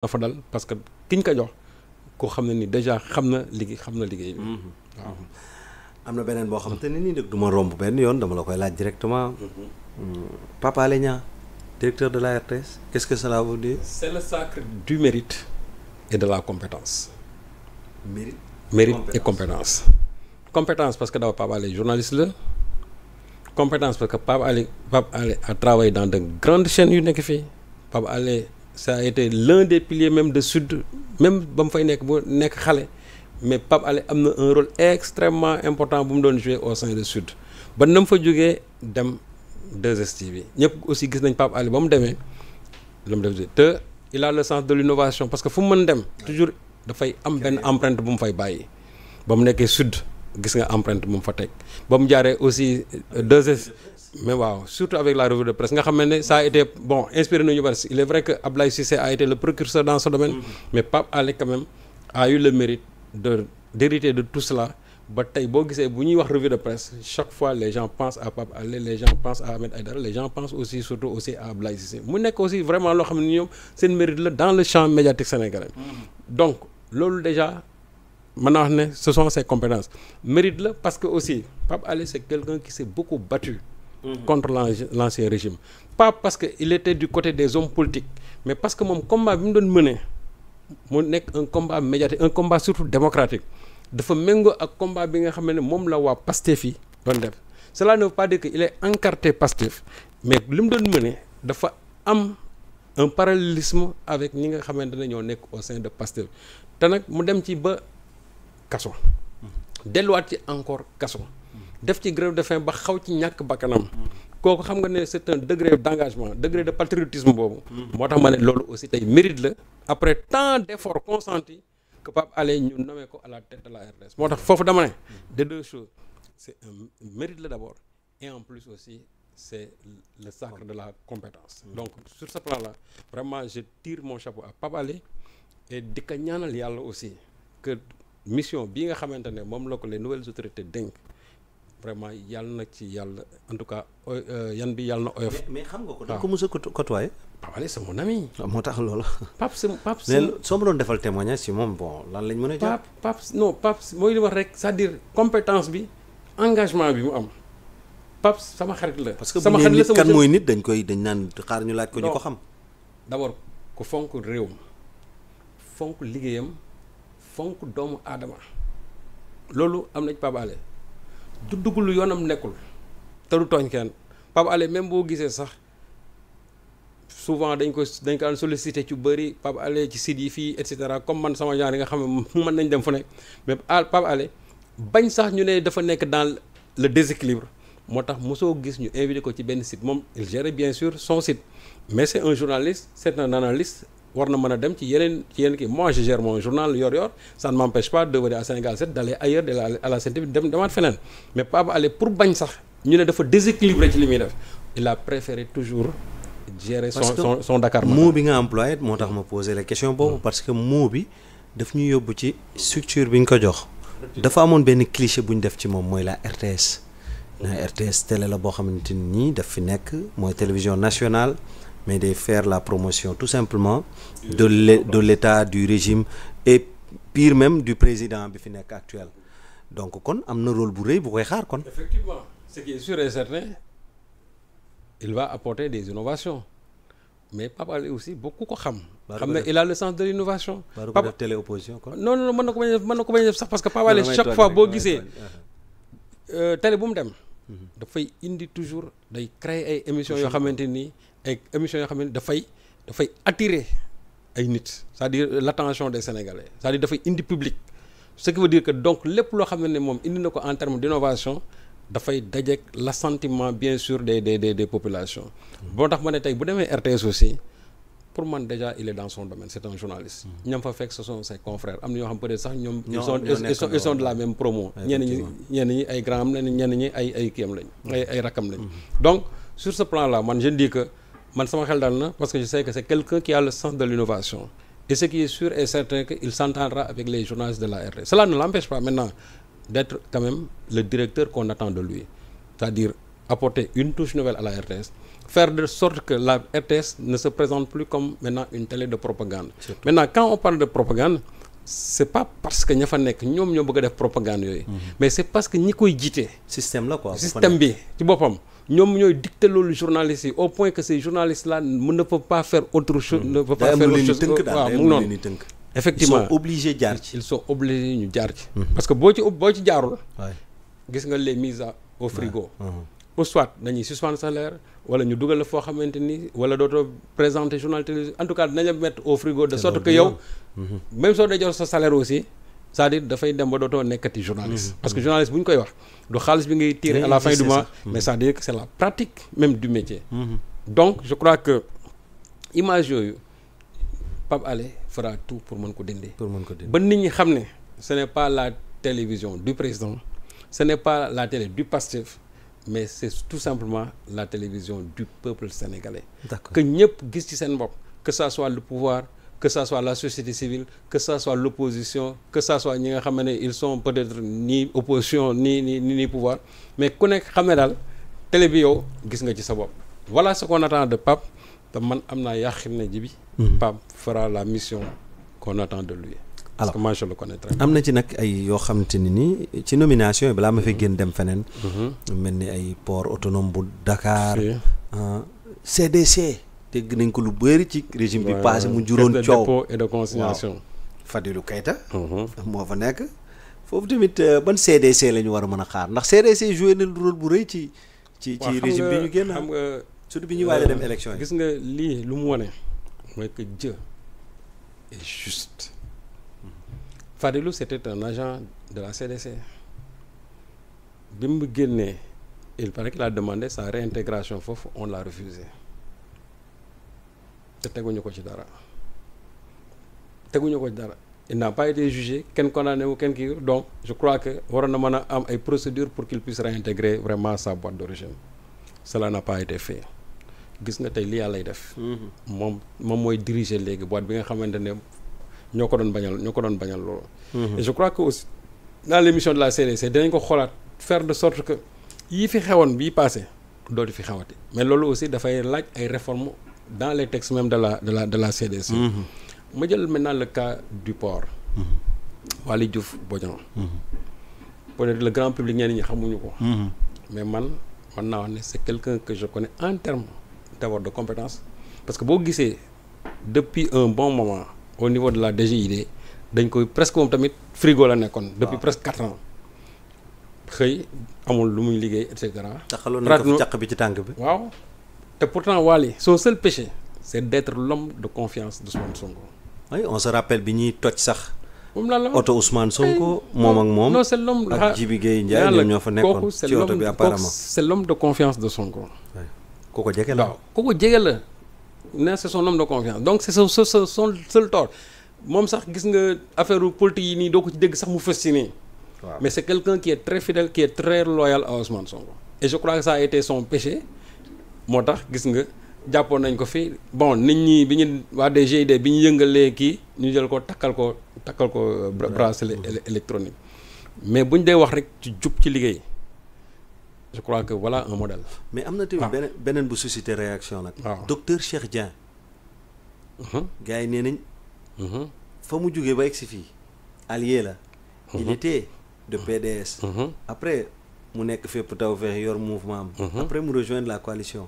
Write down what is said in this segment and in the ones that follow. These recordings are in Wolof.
dafa dal parce que kiñ ko jox koo xam ne ni déjà xam na liggéey xam na liggéey bi mhm. waaw am na beneen boo xamante ne nii nag du romb benn yoon dama la koy laaj directement mhm. hmm, Papa Alé directeur de la RTS qu'est-ce que cela veut dire c'est le sacre du mérite et de la compétence compétence. parce que daaw Papa Alé journaliste la compétence parce que Papa Alé a travaillé dans de grandes chaînes yu nekk fii Papa ça a été l'un des piliers même de sud même ba mu fay nekk bu nekk xale mais Pape Alé am na un rôle extrêmement important bu mu doon jouer au sein de sud ba na mu fa jógee dem de stv bi ñëpp aussi gis nañ Pape Alé ba mu demee lu mu def te il a le sens de l'innovation parce que fu mu mën dem toujours dafay am benn empreinte bu mu fay bàyyi ba mu nekkee sud gis nga empreinte bu mu fa teg ba mu jaaree aussi euh, deux mais waaw surtout avec la revue de presse nga xam ne ça a été bon inspiré nañu bari il est vrai que Ablaye Cissé a été le précurseur dans ce domaine mm-hmm. mais Pape Alé quand même a eu mérite de d'hériter de tout cela ba tey boo gisee bu ñuy wax revue de presse chaque fois les gens pensent à Pape Alé les gens pensent à Ahmed Aïdara les gens pensent aussi surtout aussi à Ablaye Cissé mu nekk aussi vraiment mën naa wax ne ce sont ses compétences mérite la parce que aussi Pape Alé c'est quelqu'un qui s'est beaucoup battu mhm. contre l'ancien régime pas parce que il était du côté des hommes politiques mais parce que moom combat bi mu doon mené mu nekk un combat médiatique un combat surtout démocratique dafa méngoo ak combat bi nga xam ne moom la waa Pastef yi doon def cela ne veut pas dire que il est encarté Pastef mais li mu doon mené dafa am un parallélisme avec ñi nga xamante ne ñoo nekk au sein de Pastef te kaso mm-hmm. delluwaat ci encore kaso mm-hmm. def ci grève de faim ba xaw ci ñàkk bakkanam kooku xam nga ne c'est un degré d'engagement degré de patriotisme boobu mm-hmm. moo tax ma ne loolu aussi tey mérite la après tant d'efforts consentis que Pape Alé ñu nommé ko à la tête de la RDS moo tax foofu dama ne de deux choses un mérite la d'abord et en plus aussi c'est le sacre de la compétence donc sur ce plan-là vraiment je tire mon chapeau à Pape Alé et ñaanal yàlla aussi mission bii nga xamante ne moom la ko les nouvelles autorités dénk vraiment yàlla na ci yàlla en tout cas euh, yan bi yàlla na oyof. mais xam nga ko da ko mos a côtoyé. Pape Alé c'est mon ah, moo tax loolu. Pape c'est Pape c'est. mais soo ma doon defal témoignage si moom bon lan lañ mën a. jàpp Pape Pape non Pape mooy li rek cest à compétence bi engagement bi mu am. Pape sama xarit la. parce que sama xarit la sama mooy nit dañ koy dañ naan xaar ñu laaj ko ñu ko xam. d'abord ku fonk réewam fonk liggéeyam. fonk doomu aadama loolu am na ci Pape Alé du dugg yoonam nekkul te du tooñ kenn Pape Alé même boo gisee sax souvent dañ ko dañ ko daan sollicité ci bari Pape Alé ci site yi fii et cetera comme man sama genre yi nga xam ne mën nañ dem fu ne mais Pape Alé bañ sax ñu ne dafa nekk dans le déséquilibre moo tax mosoo gis ñu invité ko ci benn site moom il gère bien sûr son site mais c'est un journaliste c'est un analyste war na mën a dem ci yeneen ci yeneen kii moi je gère mon journal yor-yor ça ne m'empêche pas de venir Sénégal 7 d'aller ailleurs de la à la dem demaat feneen mais pas ba aller pour bañ sax ñu ne dafa déséquilibré ci li muy def il a préféré toujours gérer son son son Dakar mot bi nga employé moo tax ma poser la question boobu parce que moo bi daf ñu yóbbu ci structure bi ñu ko jox dafa amoon benn cliché bu ñu def ci moom mooy la RTS na RTS télé la boo xamante ni daf fi nekk mooy télévision nationale mais de faire la promotion tout simplement de l'état du régime et pire même du président bi fi nekk actuel donc kon am na rôle bu rëy bu koy xaar kon. effectivement il va a le sens de l'innovation. Pape def télé opposition kon. non non mën na ko bañ a def mën a def sax parce que Pape Alé chaque fois boo gisee euh, télé bu mu dem. Mhm. dafay indi toujours day créer ay émissions yoo xamante nii ay émission yoo xam ne dafay dafay attirer ay nit c'est-à-dire l'attention des Sénégalais c'est-à-dire dafay indi public ce qui veut dire que donc lépp loo xam ne moom indi na ko en terme d'innovation dafay dajeek l'assentiment bien sûr des des des des populations boo tax ma ne tey bu demee RTS aussi pour man déjà il est dans son domaine c'est un journaliste ñam fa fekk ce sont ses confrères am na ñoo xam peut sax ñoom ils sont de la même promo ñenn ñi ñenn ñi ay grand man sama xel daal na parce que je sais que c'est quelqu'un qui a le sens de l'innovation et ce qui est sûr et certain que il s'entendra avec les journalistes de la RTS cela ne l'empêche pas maintenant d'être quand même le directeur qu'on attend de lui c'est-à-dire apporter une touche nouvelle à la RTS faire de sorte que la RTS ne se présente plus comme une télé de propagande Surtout. quand on parle de propagande c'est pas parce que ña fa nekk ñoom ñoo bëgg a def yooyu mhm. mais que koy jiite système la quoi boppam ñoom ñooy dicté loolu journalistes yi au point que ces journalistes là ne peuvent pas faire autre chose. Hmm. ne peuvent pas faire autre chose waaw mu noonu effectivement ils sont obligés jaar ci. Hmm. parce que boo ci boo ci jaarul. gis nga les mises au frigo. ou hmm. soit dañuy suspendre salaire wala ñu dugal la foo xamante ni wala dootoo présenter journal télévision en tout cas dinañ la mettre au frigo de sorte que yow. même soo dee jox sa salaire aussi. c'est-à-dire dafay dem ba dootoo nekkati journaliste. Mhm. parce que journaliste bu ñu koy wax du xaalis bi ngay tirer à la fin du mois. mais c'est-à-dire que c'est la pratique même du métier. Mhm. donc je crois que image yooyu Pape ale fera tout pour mën ko dindi. pour mën ko dindi ba nit ñi xam ne ce n'est pas la télévision du président ce n'est pas la télé du Pastef mais c'est tout simplement la télévision du peuple sénégalais. d'accord que ñëpp gis ci seen bopp que ça soit le pouvoir. que ça soit la société civile que ça soit l'opposition que ça soit ñi nga xam ne ils sont peut-être ni opposition ni ni ni pouvoir mais ku nekk xam ne daal télé bi yow gis nga ci sa bopp voilà sa qu'on attend de Pape te man am naa yàqin na ji bi mhm. Pape fera la mission qu'on attend de lui parce que moi je le am na ci nag ay yoo xamante ni nii ci nomination yi balaa ma fay génn dem feneen mhm. mel ni ay port autonome bu Dakar CDC dégg nañ ko lu bëri ci régime bi passé mu juróon coow dépôt et de consignation Fadilou mhm. moo fa nekk foofu tamit euh, ban CDC la ñu war a mën a xaar ndax CDC joué na rôle bu rëy ci ci ci régime bi bi ñuy waaj dem élection yi euh, nga lii lu mu wane mooy que Dieu est juste Fadilou c'était agent de la CDC bi mu génnee il paraît qu'il a demandé sa réintégration foofu on l'a refusé te teguñu ko ci dara teguñu ko ci dara il n'a pas été jugé kenn condamné wu kenn kii donc je crois que waroon na mën a am ay procédures pour qu'il puisse réintégrer vraiment sa boîte d'origine cela n'a pas été fait gis nga tey li yàlla lay def mm-hmm. moom moom mooy diriger léegi boîte bi nga xamante ne ñoo ko doon bañal ñoo ko doon bañal loolu mm-hmm. je crois que aussi dans mission de la CDC dinañ ko xoolaat faire de sorte que yi fi xewoon bii passé dootu fi xewati mais loolu aussi dafay laaj ay réformes dans les textes même de la de la de la CDC. Mhm. ma jël maintenant la cas du port. Mhm. Waly Diouf Bodian. Mhm. peut-être le grand public ñenn ñi xamuñu ko. mais man man naa wax ne c'est quelqu'un que je connais en terme d'abord de compétence parce que boo gisee depuis un bon moment au niveau de la DGID dañ koy presque moom tamit frigo la nekkoon. depuis presque quatre ans. xëy amul lu muy liggéey et cetera. taxaloon na ko caq bi ci tànk bi. waaw te pourtant Wally son seul péché c'est d'être l'homme de confiance d'Ousmane Sonko. oui on se rappelle bi ñuy toj sax. moom lan la oto Ousmane Sonko. Eh, moom ak moom non c'est l'homme ak ñoo fa nekkoon ci oto bi apparemment kooku c'est l'homme de confiance de Sonko. ko jege ko jege la. nee c'est son homme de confiance donc c'est son son son seul tort moom sax gis nga affaire politique yi nii doo ko dégg sax mu fës si nii. waaw mais c'est quelqu'un qui est très fidèle qui est très loyal à Ousmane Sonko. et je moo tax gis nga jàppoon nañ ko fi bon nit ñi bi ñu waa DGID bi ñu yëngalee kii ñu jël ko takkal ko takkal ko bracelet électronique mais buñ dee wax rek ci jub ci liggéey je crois que voilà un modèle. mais am na tamit ah. beneen beneen bu suscité réaction nag. waaw ah. docteur Cheikh Dieng. Uh-huh. gars yi nee nañ. Uh-huh. fa mu jógee ba egg si fii. allié la. il uh-huh. était de PDS. après mu nekk feppu taw feex yor mouvement am. après mu rejoindre la coalition.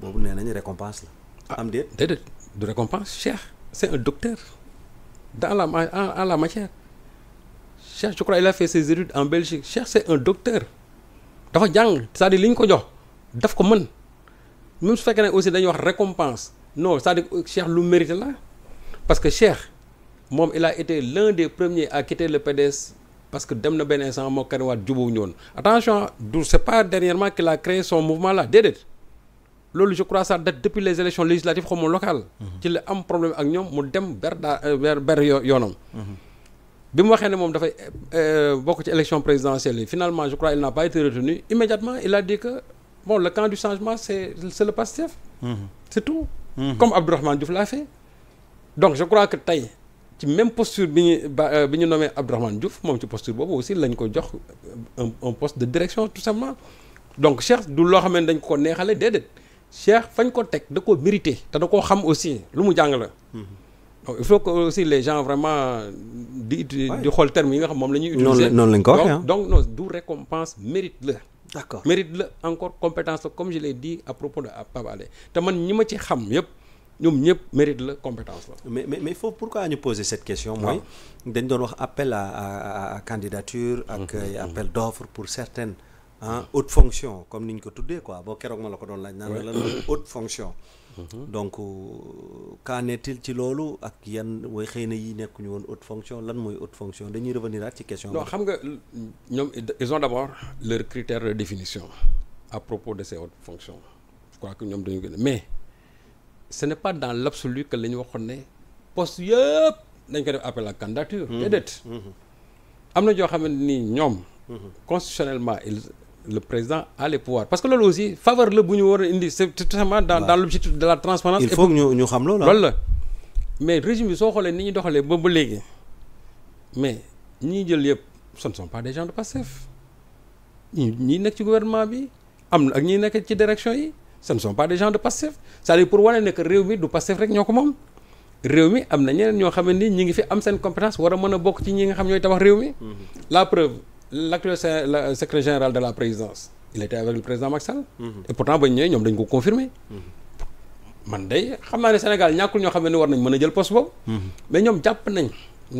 boobu nee nañu récompense la. Ah, am déet déedéet du récompense Cheikh c'est un docteur dans en, en la matière Cheikh je crois il a fait ses études en Belgique un docteur dafa jàng cest à li ñu ko jox daf ko mën même su fekkee ne aussi dañuy wax récompense no c'est-à-dire euh, lu mérite la parce que Cheikh moom il a été l'un des premiers à quitter le PDS. parce que dem na beneen instant moo Karim Wade jubóo ñoon attention du c'est pas dernièrement qu'il a créé son mouvement là déedéet loolu je crois ça date depuis les élections législatives xaw ma locales. Mhm. ci la am problème ak ñoom mu dem ber daa euh, ber ber yoonam. Mhm. bi mu waxee ne moom dafay euh, bokk ci élection présidentielle yi finalement je crois il n'a pas été retenu immédiatement il a dit que bon le camp du changement c'est le Pastef. Mhm. c'est tout. comme Abdourahmane Diouf l'a fait. donc je crois que tey ci même posture bi ñu ba euh, bi ñu nommé Abdourahmane Diouf moom ci posture boobu aussi lañ ko jox un un de direction tout simplement donc Cheikh du loo xam ne dañ ko neexale déedéet. Cheikh fañ ko teg da ko mérité te da koo xam aussi lu mu jàng la. Mhm. donc il faut que aussi les gens vraiment di di xool termes yi nga xam moom la ñuy. utiliser noonu lañ ko waxee donc non du récompense mérite la. d'accord mérite la encore compétence la comme je l'ai dit à propos de Pape te man ñi ma ci xam yëpp. ñoom ñëpp mérite la compétence la. mais mais mais foofu pourquoi ñu poser cette question. mooy ah. dañ doon wax appel à à à candidature. Mhm. ak mhm. appel d'offre pour certaines. ah haute fonction comme niñ ko tuddee quoi boo keroog ma la ko doon laaj naan lan mooy haute fonction mm-hmm. donc qu'en euh, est ci loolu ak yan way xëy na yi nekkuñu woon haute fonction lan mooy haute fonction dañuy revenir ci question non xam nga ñoom ils ont d'abord leurs critères de définition à propos de ces hautes fonctions je crois ñoom dañu gën a mais ce ne pas dans l'absolu que la ñu waxoon ne post yëpp dañ ko def appel à candidature mm-hmm. déedéet mm-hmm. am na joo xamante ni ñoom constitutionnellement il le président a les pouvoirs parce que loolu aussi faveur la bu ñu war a indi c'est tout simplement dans dans l'objectif de la transparence il faut ñu ñu xam ah. loolu la mais régime bi soo xoolee ni ñuy doxalee ba ba léegi mais ñi jël yëpp ce ne sont pas des gens de Pastef ñi ñi nekk ci gouvernement bi am na ak ñi nekk ci direction yi ce ne sont pas des gens de Pastef c'est-à-dire pour wane ne que réew mi du Pastef rek ñoo ko moom réew mi am na ñeneen ñoo xam ne ni ñi am seen compétence war a mën a bokk ci ñi nga xam ñooy tabax réew mm-hmm. la preuve l'actuel secrétaire général de la présidence il était avec le président Macky Sall mhm. pourtant bañ ñëwee ñoom dañ ko confirmer mhm. man day xam naa ne Sénégal ñàkkul ñoo xam ne war nañ mën a jël poste mhm. mais ñoom jàpp nañ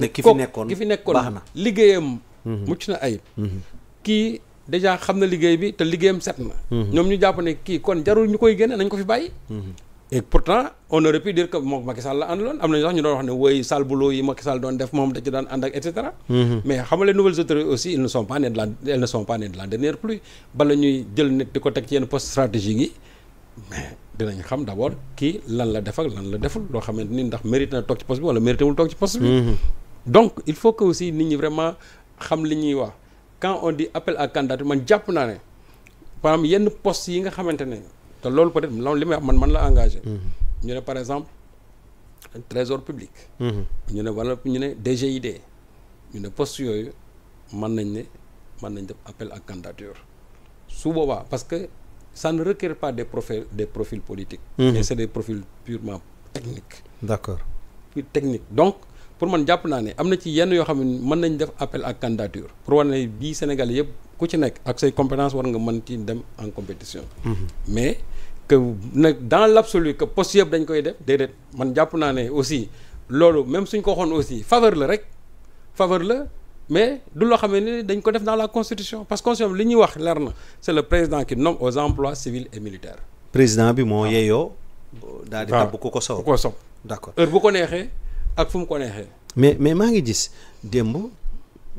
ne ki fi nekkoon ki fi nekkoon baax na liggéeyam mucc na ay kii déjà xam na liggéey bi te liggéeyam set na ñoom ñu jàpp ne kii kon jarul ñu koy génne nañ ko fi bàyyi et pourtant on aurait pu dire que moom Macky Sall la àndaloon am nañu sax ñu doon wax ne woy salbulo yi Macky Sall doon def moom da ci daan ànd ak et mm-hmm. mais xam nga les nouvelles autorités di ko d' abord kii lan la def ak lan la deful loo xamante ni ndax mérite na toog ci poste bi wala mérité wul toog ci poste bi. Mm-hmm. donc il faut que aussi nit li ñuy wax quand on dit appel à man jàpp naa ne par yenn post yi nga xamante ne. te loolu peut être loolu li may wax man man la engagé. Mhm. ñu ne par exemple trésor public. Mhm. ñu ne wala ñu ne DGID. ñu ne post yooyu mën nañ ne mën nañ def appel ak candidature su boobaa parce que ça ne requiert pas des profils des profils politiques. Mhm. et c' des profils purement techniques. d' accord pure technique donc. pour man jàpp naa ne am na ci yenn yoo xam ne mën nañ def appel ak candidature pour wane ne bii Sénégal yëpp ku ci nekk ak say compétence war nga mën ci dem en compétition. Mhm. mais que nag dans la l'absolu que poste yëpp dañ koy def déedéet man jàpp naa ne aussi loolu même suñ ko waxoon aussi faveur la rek faveur la mais du loo xamee ni dañ ko def dans la constitution parce que constitution li ñuy wax leer na c'est le président qui nom aux emplois civils et militaires. président bi moo ah. yeeyoo. daal di ah. tabb ku ko soob ku ko soob. d'accord heure bu ko neexee ak fu mu ko neexee. mais mais maa ngi gis démb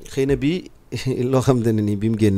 xëy na bi loo xam ne ni bi mu génne